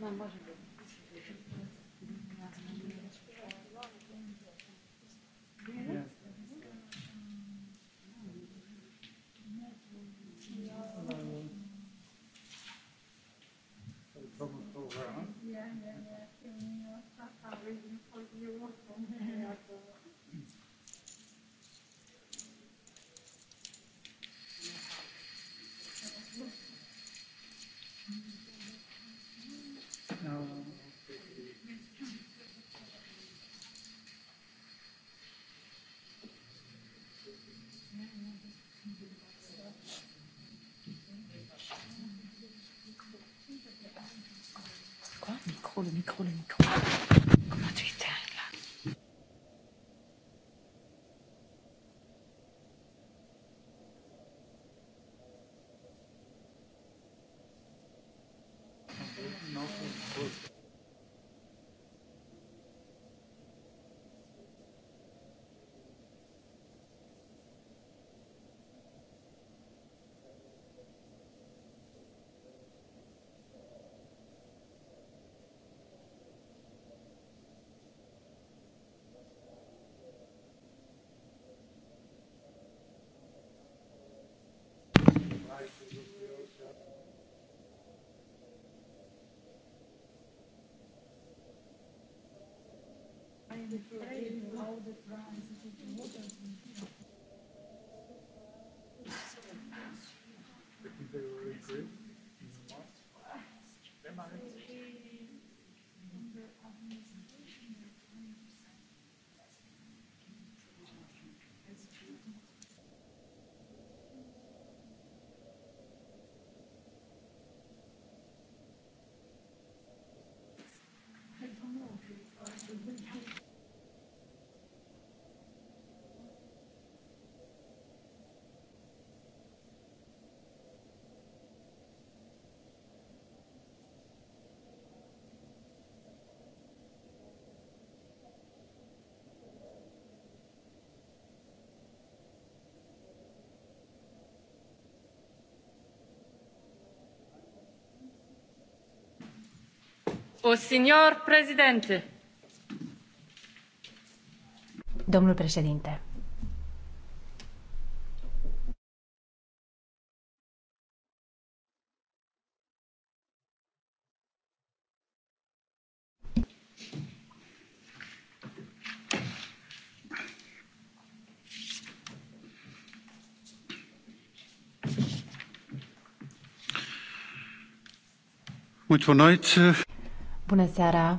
mai למיקרו, למיקרו. Domnule signor președinte. Domnul președinte. Muito Bună seara!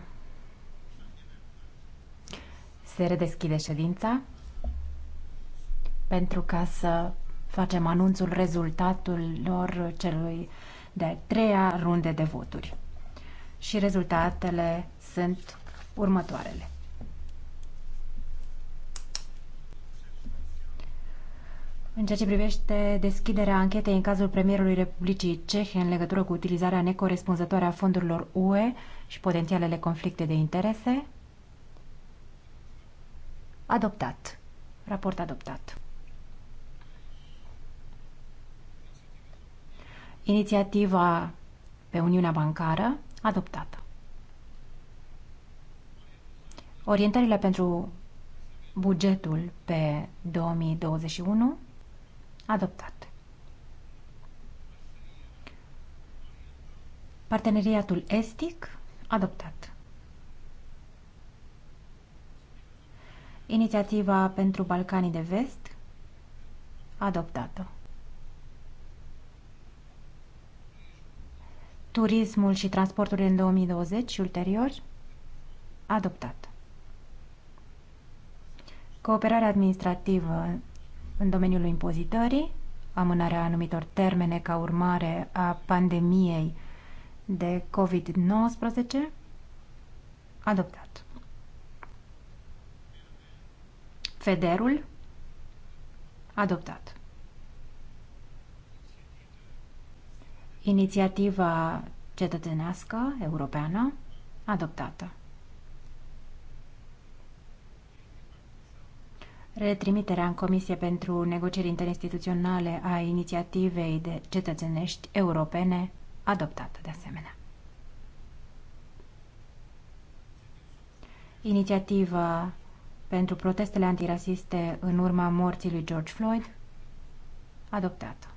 Se redeschide ședința pentru ca să facem anunțul rezultatelor celui de-a treia runde de voturi. Și rezultatele sunt următoarele. În ceea ce privește deschiderea anchetei în cazul premierului Republicii Cehe în legătură cu utilizarea necorespunzătoare a fondurilor UE și potențialele conflicte de interese, adoptat. Raport adoptat. Inițiativa pe Uniunea Bancară, adoptată. Orientările pentru bugetul pe 2021, Adoptat. Parteneriatul estic? Adoptat. Inițiativa pentru Balcanii de Vest? Adoptată. Turismul și transportul în 2020 și ulterior? Adoptat. Cooperarea administrativă în domeniul impozitării, amânarea anumitor termene ca urmare a pandemiei de COVID-19, adoptat. Federul, adoptat. Inițiativa cetățenească europeană, adoptată. retrimiterea în Comisie pentru Negocieri Interinstituționale a inițiativei de cetățenești europene adoptată de asemenea. Inițiativa pentru protestele antirasiste în urma morții lui George Floyd adoptată.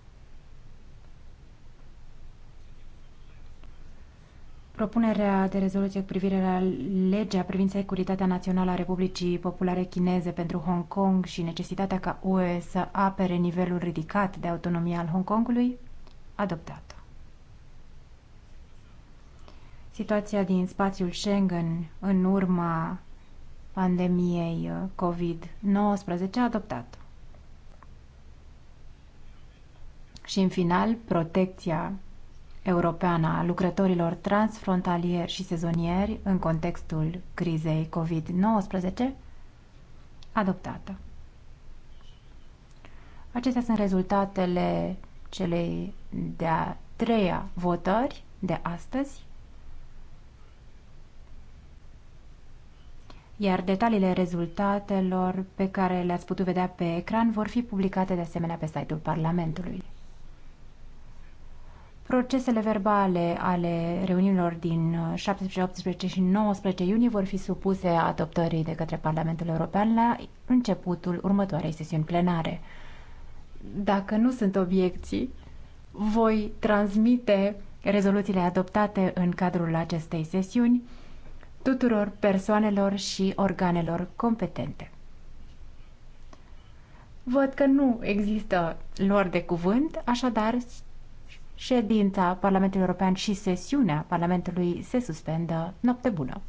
Propunerea de rezoluție cu privire la legea privind securitatea națională a Republicii Populare Chineze pentru Hong Kong și necesitatea ca UE să apere nivelul ridicat de autonomie al Hong Kongului, adoptată. Situația din spațiul Schengen în urma pandemiei COVID-19 adoptată. Și în final, protecția europeană a lucrătorilor transfrontalieri și sezonieri în contextul crizei COVID-19 adoptată. Acestea sunt rezultatele celei de-a treia votări de astăzi, iar detaliile rezultatelor pe care le-ați putut vedea pe ecran vor fi publicate de asemenea pe site-ul Parlamentului. Procesele verbale ale reuniunilor din 17, uh, 18 și 19 iunie vor fi supuse adoptării de către Parlamentul European la începutul următoarei sesiuni plenare. Dacă nu sunt obiecții, voi transmite rezoluțiile adoptate în cadrul acestei sesiuni tuturor persoanelor și organelor competente. Văd că nu există lor de cuvânt, așadar Ședința Parlamentului European și sesiunea Parlamentului se suspendă. Noapte bună!